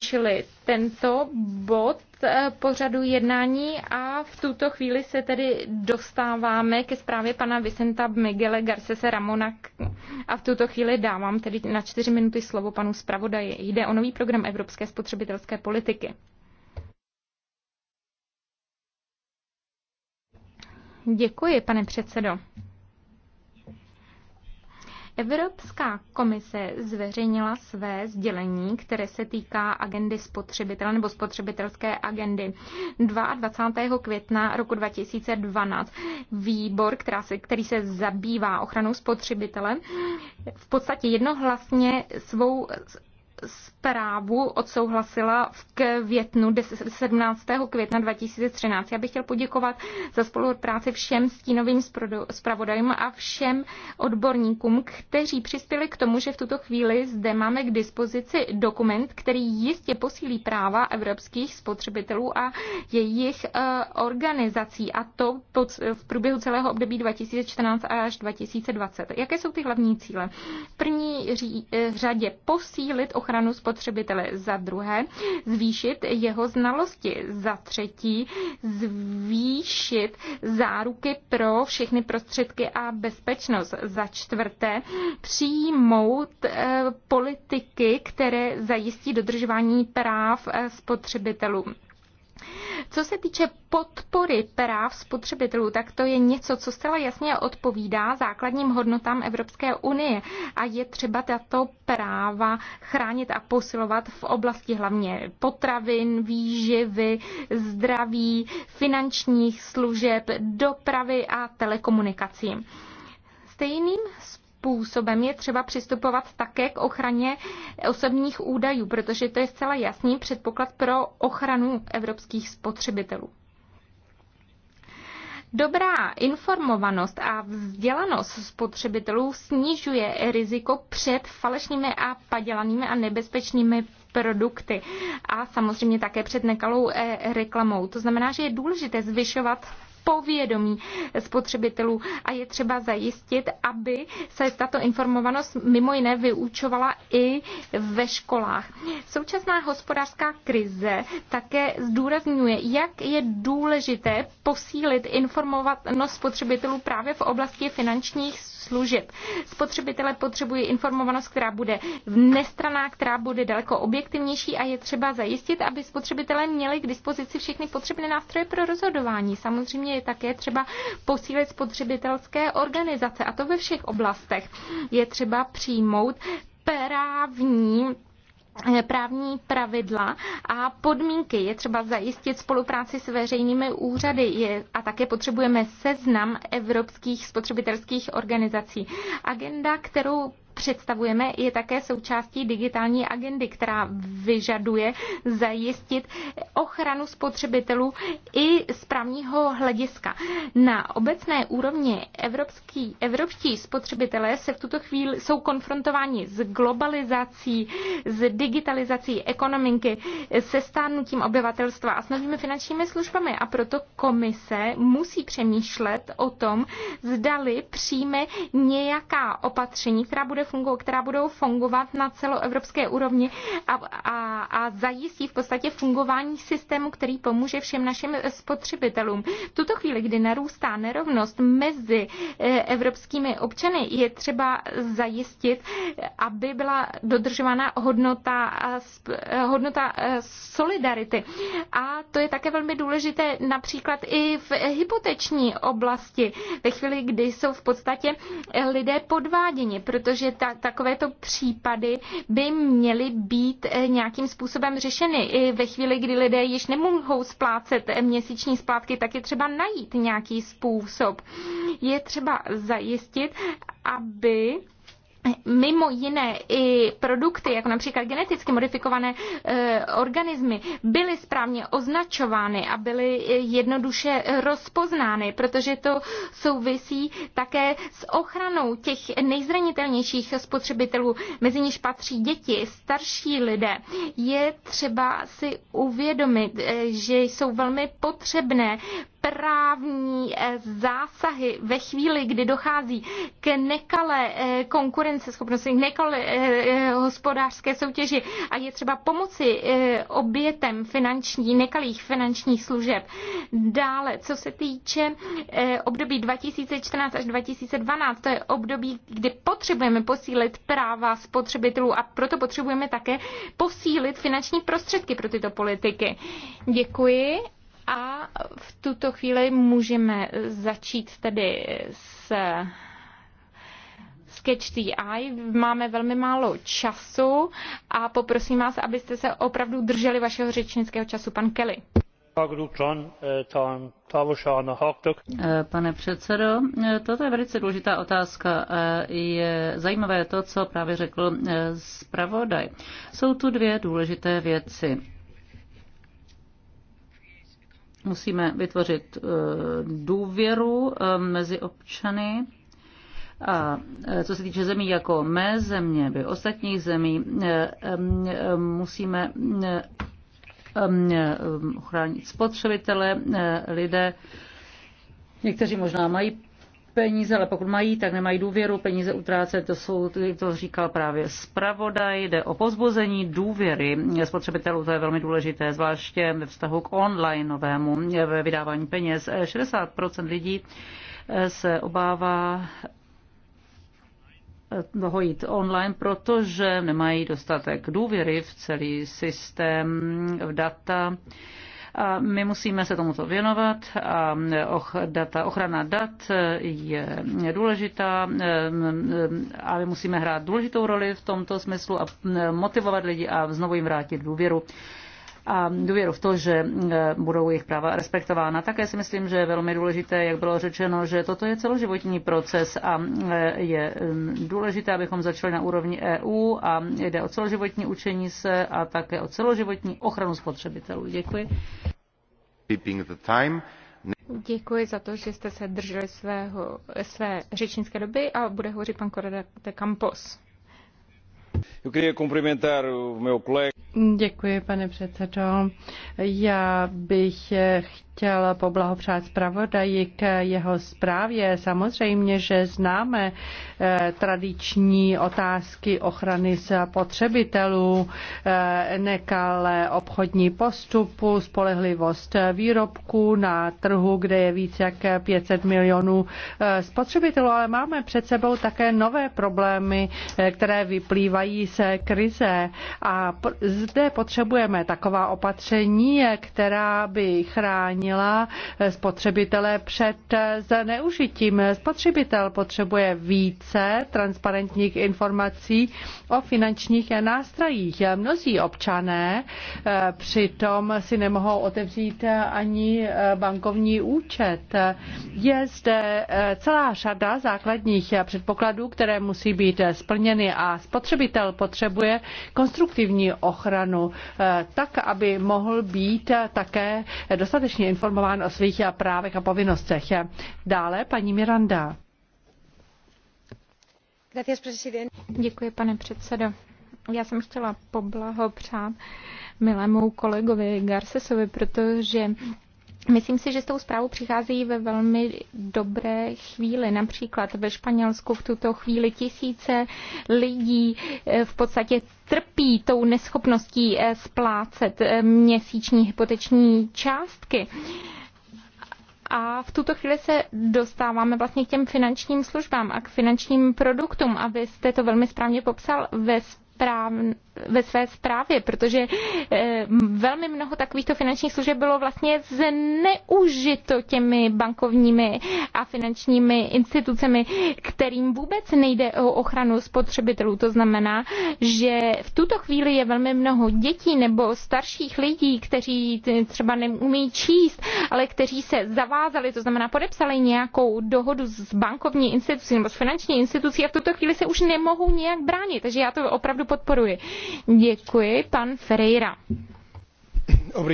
Čili tento bod eh, pořadu jednání a v tuto chvíli se tedy dostáváme ke zprávě pana Vicenta Miguele Garcese Ramona a v tuto chvíli dávám tedy na čtyři minuty slovo panu zpravodaji. Jde o nový program Evropské spotřebitelské politiky. Děkuji, pane předsedo. Evropská komise zveřejnila své sdělení, které se týká agendy spotřebitele nebo spotřebitelské agendy 22. května roku 2012. Výbor, která se, který se zabývá ochranou spotřebitele, v podstatě jednohlasně svou zprávu odsouhlasila v květnu 17. května 2013. Já bych chtěl poděkovat za spolupráci všem stínovým zpravodajům a všem odborníkům, kteří přispěli k tomu, že v tuto chvíli zde máme k dispozici dokument, který jistě posílí práva evropských spotřebitelů a jejich eh, organizací a to v průběhu celého období 2014 až 2020. Jaké jsou ty hlavní cíle? V první eh, řadě posílit ochranu ochranu spotřebitele, za druhé zvýšit jeho znalosti, za třetí zvýšit záruky pro všechny prostředky a bezpečnost, za čtvrté přijmout eh, politiky, které zajistí dodržování práv eh, spotřebitelů. Co se týče podpory práv spotřebitelů, tak to je něco, co zcela jasně odpovídá základním hodnotám Evropské unie a je třeba tato práva chránit a posilovat v oblasti hlavně potravin, výživy, zdraví, finančních služeb, dopravy a telekomunikací. Stejným způsobem způsobem je třeba přistupovat také k ochraně osobních údajů, protože to je zcela jasný předpoklad pro ochranu evropských spotřebitelů. Dobrá informovanost a vzdělanost spotřebitelů snižuje riziko před falešnými a padělanými a nebezpečnými produkty a samozřejmě také před nekalou eh, reklamou. To znamená, že je důležité zvyšovat povědomí spotřebitelů a je třeba zajistit, aby se tato informovanost mimo jiné vyučovala i ve školách. Současná hospodářská krize také zdůrazňuje, jak je důležité posílit informovanost spotřebitelů právě v oblasti finančních služeb. Spotřebitelé potřebují informovanost, která bude nestraná, která bude daleko objektivnější a je třeba zajistit, aby spotřebitelé měli k dispozici všechny potřebné nástroje pro rozhodování. Samozřejmě je také třeba posílit spotřebitelské organizace a to ve všech oblastech. Je třeba přijmout právní eh, právní pravidla a podmínky. Je třeba zajistit spolupráci s veřejnými úřady je, a také potřebujeme seznam evropských spotřebitelských organizací. Agenda, kterou představujeme, je také součástí digitální agendy, která vyžaduje zajistit ochranu spotřebitelů i z právního hlediska. Na obecné úrovni evropský, evropští spotřebitelé se v tuto chvíli jsou konfrontováni s globalizací, s digitalizací ekonomiky, se stárnutím obyvatelstva a s novými finančními službami. A proto komise musí přemýšlet o tom, zdali přijme nějaká opatření, která bude fungovat fungu, která budou fungovat na celoevropské úrovni a, a, a zajistí v podstatě fungování systému, který pomůže všem našim spotřebitelům. V tuto chvíli, kdy narůstá nerovnost mezi eh, evropskými občany, je třeba zajistit, aby byla dodržována hodnota, eh, eh, hodnota solidarity. A to je také velmi důležité například i v hypoteční oblasti, ve chvíli, kdy jsou v podstatě lidé podváděni, protože ta, takovéto případy by měly být eh, nějakým způsobem řešeny. I ve chvíli, kdy lidé již nemohou splácet eh, měsíční splátky, tak je třeba najít nějaký způsob. Je třeba zajistit, aby mimo jiné i produkty, jako například geneticky modifikované e, organismy, byly správně označovány a byly eh, jednoduše rozpoznány, protože to souvisí také s ochranou těch nejzranitelnějších spotřebitelů, mezi níž patří děti, starší lidé. Je třeba si uvědomit, eh, že jsou velmi potřebné právní eh, zásahy ve chvíli, kdy dochází k nekalé eh, konkurenceschopnosti, k nekalé eh, hospodářské soutěži a je třeba pomoci obětem finanční, nekalých finančních služeb. Dále, co se týče období 2014 až 2012, to je období, kdy potřebujeme posílit práva spotřebitelů a proto potřebujeme také posílit finanční prostředky pro tyto politiky. Děkuji a v tuto chvíli můžeme začít tedy s Sketch TI. Máme velmi málo času a poprosím vás, abyste se opravdu drželi vašeho řečnického času. Pan Kelly. Eh, eh, pane předsedo, eh, toto je velice důležitá otázka. Je zajímavé to, co právě řekl zpravodaj. Jsou tu dvě důležité věci. Musíme vytvořit eh, důvěru eh, mezi občany. A eh, co se týče zemí jako mé země, by ostatních zemí, musíme ochránit spotřebitele, lidé, Někteří možná mají peníze, ale pokud mají, tak nemají důvěru peníze utrácet. To, jsou, to říkal právě zpravodaj. Jde o pozbuzení důvěry spotřebitelů. To je velmi důležité, zvláště ve vztahu k online novému vydávání peněz. 60% lidí eh, se obává eh, toho jít online, protože nemají dostatek důvěry v celý systém, v data a my musíme se tomuto věnovat a och, data, ochrana dat je důležitá a my musíme hrát důležitou roli v tomto smyslu a motivovat lidi a znovu jim vrátit důvěru a důvěru v to, že e, budou jejich práva respektována. Také si myslím, že je velmi důležité, jak bylo řečeno, že toto je celoživotní proces a e, je důležité, abychom začali na úrovni EU a jde o celoživotní učení se a také o celoživotní ochranu spotřebitelů. Děkuji. Děkuji za to, že jste se drželi svého, své řečnické doby a bude hovořit pan Correda de Campos. Děkuji, pane předsedo. Já bych chtěl poblahopřát zpravodaji k jeho zprávě. Samozřejmě, že známe eh, tradiční otázky ochrany spotřebitelů, eh, nekalé obchodní postupu, spolehlivost výrobků na trhu, kde je více jak 500 milionů eh, spotřebitelů, ale máme před sebou také nové problémy, které vyplývají se krize a z zde potřebujeme taková opatření, která by chránila spotřebitele před zneužitím. Spotřebitel potřebuje více transparentních informací o finančních nástrojích. Mnozí občané eh, přitom si nemohou otevřít ani eh, bankovní účet. Je zde eh, celá řada základních předpokladů, které musí být splněny a spotřebitel potřebuje konstruktivní ochranu ochranu, eh, tak aby mohl být eh, také dostatečně informován o svých eh, právech a povinnostech. Dále paní Miranda. Děkuji, pane předsedo. Já jsem chtěla poblahopřát milému kolegovi Garcesovi, protože Myslím si, že s tou zprávou přichází ve velmi dobré chvíli. Například ve Španělsku v tuto chvíli tisíce lidí eh, v podstatě trpí tou neschopností eh, splácet eh, měsíční hypoteční částky. A v tuto chvíli se dostáváme vlastně k těm finančním službám a k finančním produktům. A vy jste to velmi správně popsal ve správ, ve své zprávě, protože eh, velmi mnoho takovýchto finančních služeb bylo vlastně zneužito těmi bankovními a finančními institucemi, kterým vůbec nejde o ochranu spotřebitelů. To znamená, že v tuto chvíli je velmi mnoho dětí nebo starších lidí, kteří třeba neumí číst, ale kteří se zavázali, to znamená podepsali nějakou dohodu s bankovní institucí nebo s finanční institucí a v tuto chvíli se už nemohou nějak bránit. Takže já to opravdu podporuji. Děkuji, pan Ferreira. Um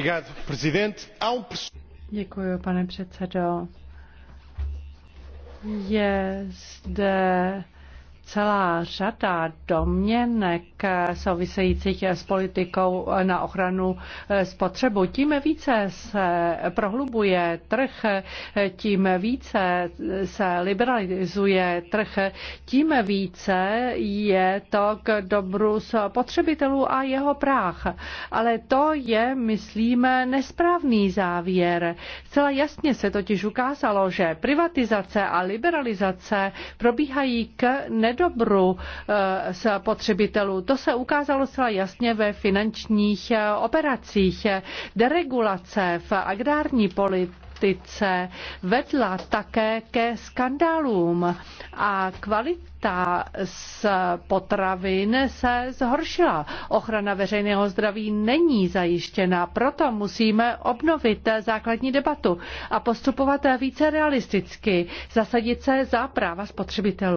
Děkuji, pane předsedo. Je zde celá řada domněnek souvisejících s politikou na ochranu spotřebu. Tím více se prohlubuje trh, tím více se liberalizuje trh, tím více je to k dobru spotřebitelů a jeho práh. Ale to je, myslíme, nesprávný závěr. Celá jasně se totiž ukázalo, že privatizace a liberalizace probíhají k ne nedobru z eh, potřebitelů. To se ukázalo zcela jasně ve finančních eh, operacích. Deregulace v agrární politice vedla také ke skandálům a kvalita z potravin se zhoršila. Ochrana veřejného zdraví není zajištěna, proto musíme obnovit základní debatu a postupovat více realisticky, zasadit se za práva spotřebitelů.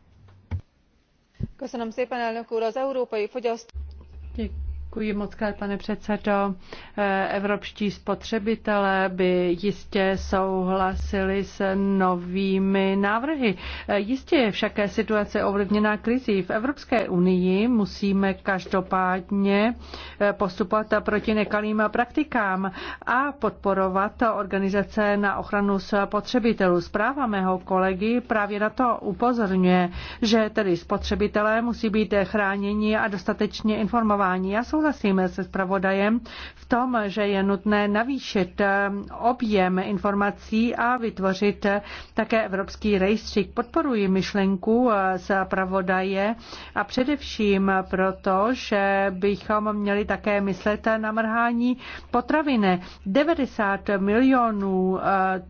Děkuji. Děkuji moc, pane předsedo. Eh, evropští spotřebitelé by jistě souhlasili s novými návrhy. Eh, jistě je však situace ovlivněná krizí. V Evropské unii musíme každopádně eh, postupovat proti nekalým praktikám a podporovat organizace na ochranu spotřebitelů. Zpráva mého kolegy právě na to upozorňuje, že tedy spotřebitelé musí být chráněni a dostatečně informováni. Já jsou souhlasím se zpravodajem v tom, že je nutné navýšit eh, objem informací a vytvořit eh, také evropský rejstřík. Podporuji myšlenku eh, zpravodaje a především proto, že bychom měli také myslet na mrhání potraviny. 90 milionů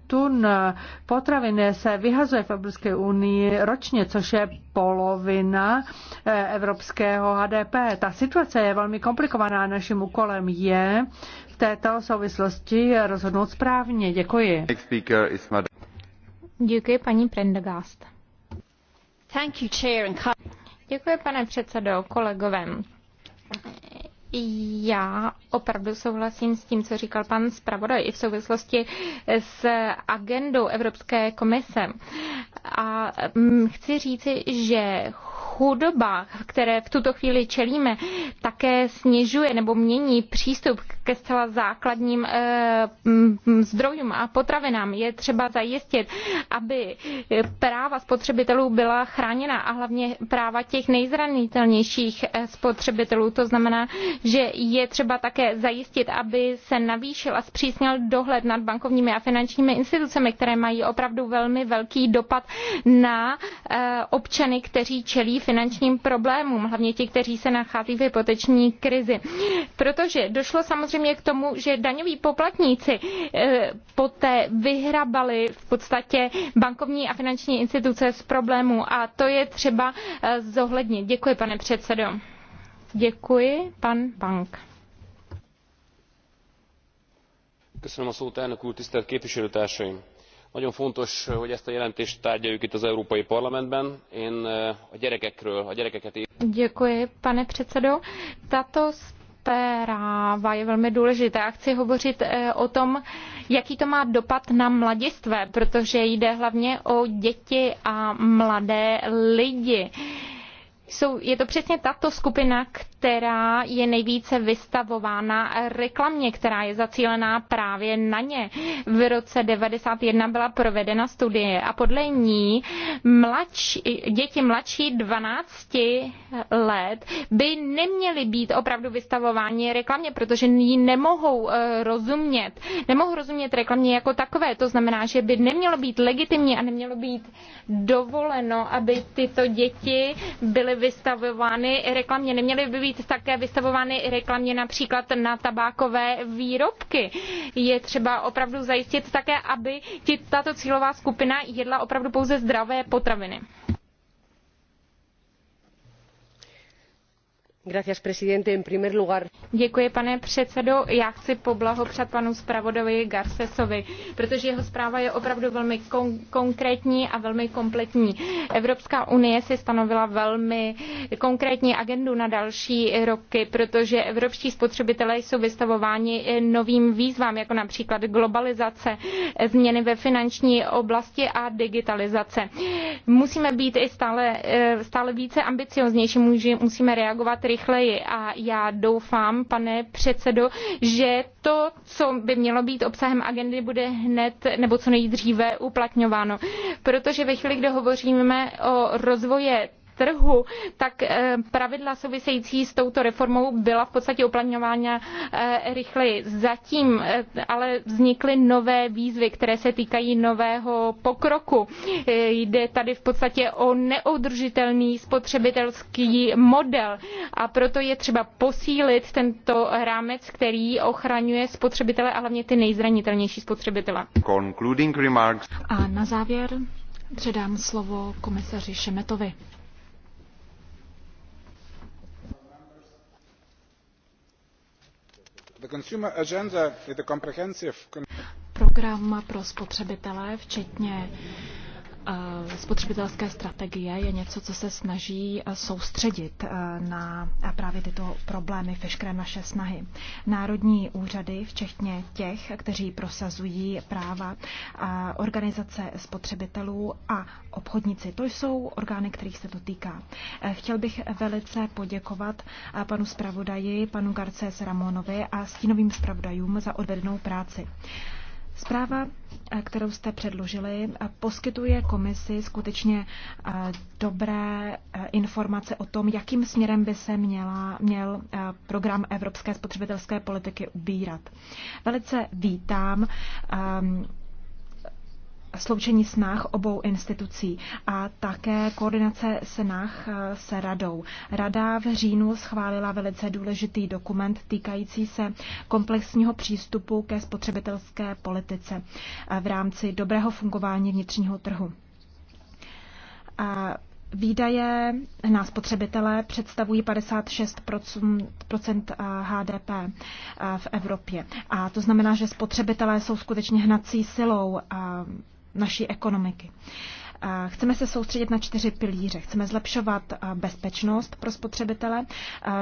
tun potraviny se vyhazuje v Evropské unii ročně, což je polovina evropského HDP. Ta situace je velmi komplikovaná komplikovaná. Naším úkolem je v této souvislosti rozhodnout správně. Děkuji. Děkuji paní Prendergast. Thank you, chair and... Děkuji, pane předsedo, kolegovem. Já opravdu souhlasím s tím, co říkal pan zpravodaj i v souvislosti s agendou Evropské komise. A mm, chci říci, že chudoba, které v tuto chvíli čelíme, také snižuje nebo mění přístup ke zcela základním eh, zdrojům a potravinám. Je třeba zajistit, aby eh, práva spotřebitelů byla chráněna a hlavně práva těch nejzranitelnějších eh, spotřebitelů. To znamená, že je třeba také zajistit, aby se navýšil a zpřísnil dohled nad bankovními a finančními institucemi, které mají opravdu velmi velký dopad na občany, kteří čelí finančním problémům problémům, hlavně ti, kteří se nachází v hypoteční krizi. Protože došlo samozřejmě k tomu, že daňoví poplatníci eh, poté vyhrabali v podstatě bankovní a finanční instituce z problémů a to je třeba eh, zohlednit. Děkuji, pane předsedo. Děkuji, pan Bank. Köszönöm a szót, elnök úr, tisztelt képviselőtársaim! nagyon fontos hogy ezt a jelentést tárgyaljuk itt az európai parlamentben. én a gyerekekről a gyerekeket. Děkuji, pane předsedo. Tato práva je velmi důležité. A chci hovořit e, o tom, jaký to má dopad na mladistvé, protože jde hlavně o děti a mladé lidi. je to přesně tato skupina, která která je nejvíce vystavována reklamě, která je zacílená právě na ně. V roce 91 byla provedena studie a podle ní mladší, děti mladší 12 let by neměly být opravdu vystavováni reklamě, protože ji nemohou eh, rozumět. Nemohou rozumět reklamě jako takové. To znamená, že by nemělo být legitimní a nemělo být dovoleno, aby tyto děti byly vystavovány reklamě. Neměly by být být také vystavovány reklamě například na tabákové výrobky. Je třeba opravdu zajistit také, aby tato cílová skupina jedla opravdu pouze zdravé potraviny. Děkuji, pane předsedo. Já chci poblahopřát panu zpravodaji garcésovi protože jeho zpráva je opravdu velmi konkrétní a velmi kompletní. Evropská unie si stanovila velmi konkrétní agendu na další roky, protože evropští spotřebitelé jsou vystavováni novým výzvám, jako například globalizace, změny ve finanční oblasti a digitalizace. Musíme být i stále, eh, více ambicióznější musíme reagovat rychleji. A já doufám, pane předsedo, že to, co by mělo být obsahem agendy, bude hned nebo co nejdříve uplatňováno. Protože ve chvíli, kdy hovoříme o rozvoje trhu, tak eh, pravidla související s touto reformou byla v podstatě uplatňována eh, rychleji. Zatím eh, ale vznikly nové výzvy, které se týkají nového pokroku. Jde tady v podstatě o neodržitelný spotřebitelský model a proto je třeba posílit tento rámec, který ochraňuje spotřebitele a hlavně ty nejzranitelnější spotřebitele. Concluding remarks. A na závěr předám slovo komisaři Šemetovi. Program pro spotřebitele, včetně spotřebitelské strategie je něco, co se snaží eh, soustředit eh, na právě tyto problémy, veškeré naše snahy. Národní úřady, včetně těch, kteří prosazují práva, organizace spotřebitelů a obchodníci, to jsou orgány, kterých se to týká. Eh, chtěl bych velice poděkovat panu zpravodaji, panu Garces Ramonovi a stínovým zpravodajům za odvedenou práci. Zpráva, eh, kterou jste předložili, eh, poskytuje komisi skutečně eh, dobré informace o tom, jakým směrem by se měla, měl program evropské spotřebitelské politiky ubírat. Velice vítám ehm, sloučení snah obou institucí a také koordinace snah eh, se radou. Rada v říjnu schválila velice důležitý dokument týkající se komplexního přístupu ke spotřebitelské politice eh, v rámci dobrého fungování vnitřního trhu. A Výdaje na spotřebitele představují 56 eh, HDP v Evropě. A to znamená, že spotřebitelé jsou skutečně hnací silou naší ekonomiky. Chceme se soustředit na čtyři pilíře. Chceme zlepšovat bezpečnost pro spotřebitele,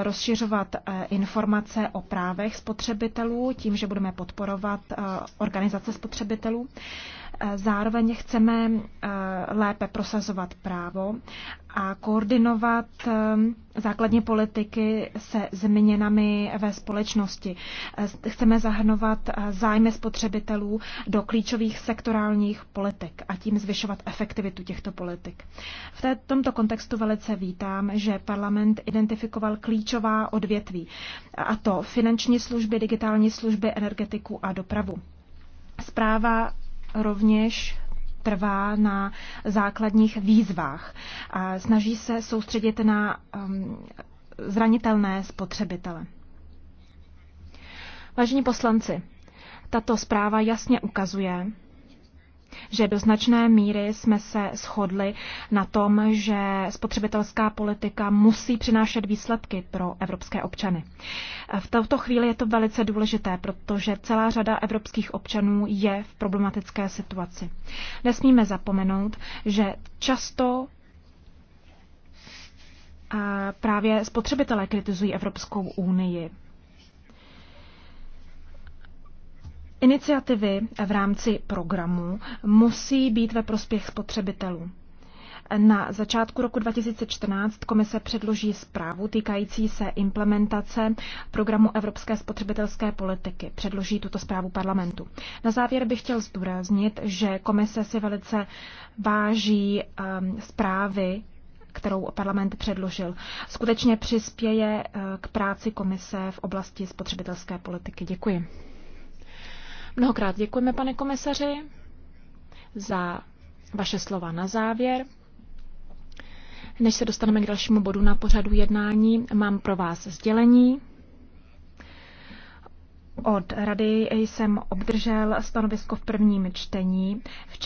rozšiřovat informace o právech spotřebitelů tím, že budeme podporovat organizace spotřebitelů, Zároveň chceme eh, lépe prosazovat právo a koordinovat eh, základní politiky se změnami ve společnosti. Eh, chceme zahrnovat zájmy spotřebitelů do klíčových sektorálních politik a tím zvyšovat efektivitu těchto politik. V tomto kontextu velice vítám, že parlament identifikoval klíčová odvětví, a to finanční služby, digitální služby, energetiku a dopravu. Zpráva rovněž trvá na základních výzvách. Snaží se soustředit na um, zranitelné spotřebitele. Vážení poslanci, tato zpráva jasně ukazuje, že do značné míry jsme se shodli na tom, že spotřebitelská politika musí přinášet výsledky pro evropské občany. V této chvíli je to velice důležité, protože celá řada evropských občanů je v problematické situaci. Nesmíme zapomenout, že často právě spotřebitelé kritizují Evropskou unii Iniciativy v rámci programu musí být ve prospěch spotřebitelů. Na začátku roku 2014 komise předloží zprávu týkající se implementace programu Evropské spotřebitelské politiky. Předloží tuto zprávu parlamentu. Na závěr bych chtěl zdůraznit, že komise si velice váží um, zprávy kterou parlament předložil, skutečně přispěje eh, k práci komise v oblasti spotřebitelské politiky. Děkuji. Mnohokrát děkujeme, pane komisaři, za vaše slova na závěr. Než se dostaneme k dalšímu bodu na pořadu jednání, mám pro vás sdělení. Od rady jsem obdržel stanovisko v prvním čtení.